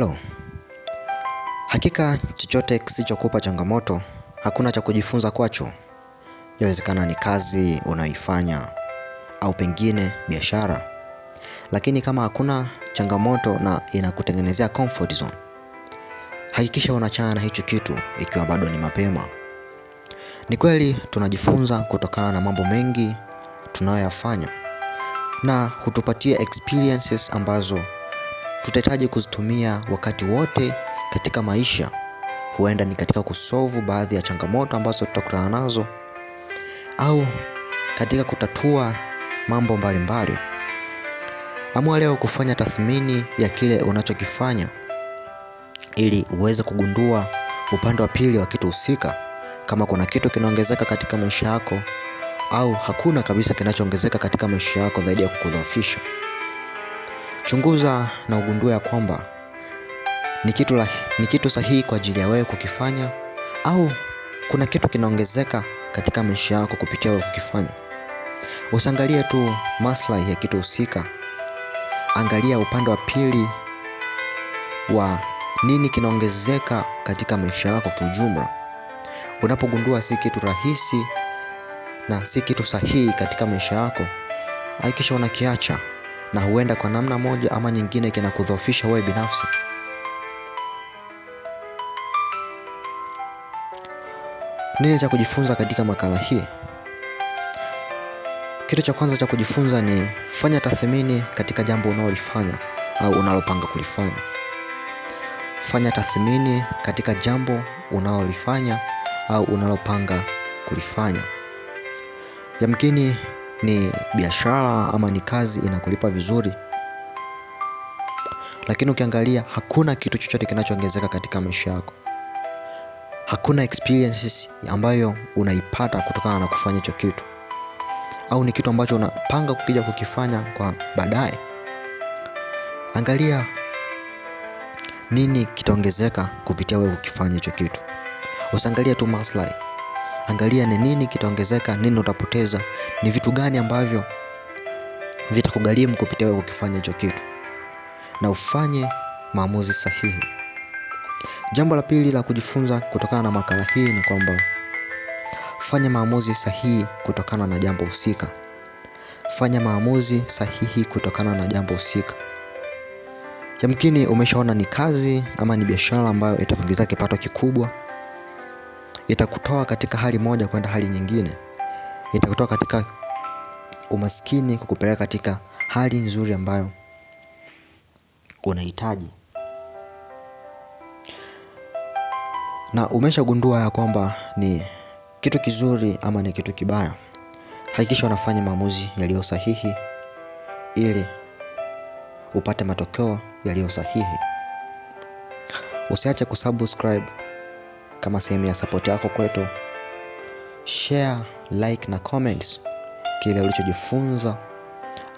Hello. Hakika chochote kisichokupa changamoto hakuna cha kujifunza kwacho. Yawezekana ni kazi unayoifanya au pengine biashara, lakini kama hakuna changamoto na inakutengenezea comfort zone, hakikisha unachana na hicho kitu ikiwa bado ni mapema. Ni kweli tunajifunza kutokana na mambo mengi tunayoyafanya na hutupatia experiences ambazo tutahitaji kuzitumia wakati wote katika maisha. Huenda ni katika kusovu baadhi ya changamoto ambazo tutakutana nazo au katika kutatua mambo mbalimbali. Amua leo kufanya tathmini ya kile unachokifanya ili uweze kugundua upande wa pili wa kitu husika, kama kuna kitu kinaongezeka katika maisha yako au hakuna kabisa kinachoongezeka katika maisha yako zaidi ya kukudhoofisha. Chunguza na ugundue ya kwamba ni kitu, la, ni kitu sahihi kwa ajili ya wewe kukifanya au kuna kitu kinaongezeka katika maisha yako kupitia wewe kukifanya. Usiangalie tu maslahi ya kitu husika, angalia upande wa pili wa nini kinaongezeka katika maisha yako kiujumla. Unapogundua si kitu rahisi na si kitu sahihi katika maisha yako, hakikisha unakiacha na huenda kwa namna moja ama nyingine kinakudhoofisha wewe binafsi. Nini cha kujifunza katika makala hii? Kitu cha kwanza cha kujifunza ni fanya tathmini katika jambo unalolifanya au unalopanga kulifanya. Fanya tathmini katika jambo unalolifanya au unalopanga kulifanya. Yamkini ni biashara ama ni kazi inakulipa vizuri. Lakini ukiangalia hakuna kitu chochote kinachoongezeka katika maisha yako. Hakuna experiences ambayo unaipata kutokana na kufanya hicho kitu, au ni kitu ambacho unapanga kukija kukifanya kwa baadaye. Angalia nini kitaongezeka kupitia wewe kukifanya hicho kitu, usiangalia tu maslahi. Angalia ni nini kitaongezeka, nini utapoteza, ni vitu gani ambavyo vitakugharimu kupitia wewe kukifanya hicho kitu, na ufanye maamuzi sahihi. Jambo la pili la kujifunza kutokana na makala hii ni kwamba fanya maamuzi sahihi kutokana na jambo husika. Fanya maamuzi sahihi kutokana na jambo husika. Yamkini umeshaona ni kazi ama ni biashara ambayo itakuingizia kipato kikubwa itakutoa katika hali moja kwenda hali nyingine, itakutoa katika umaskini kukupeleka katika hali nzuri ambayo unahitaji. Na umeshagundua ya kwamba ni kitu kizuri ama ni kitu kibaya, hakikisha unafanya maamuzi yaliyo sahihi ili upate matokeo yaliyo sahihi. Usiache kusubscribe kama sehemu ya support yako kwetu. Share, like na comments kile ulichojifunza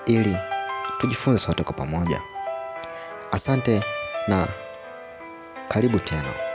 ili tujifunze sote kwa pamoja. Asante na karibu tena.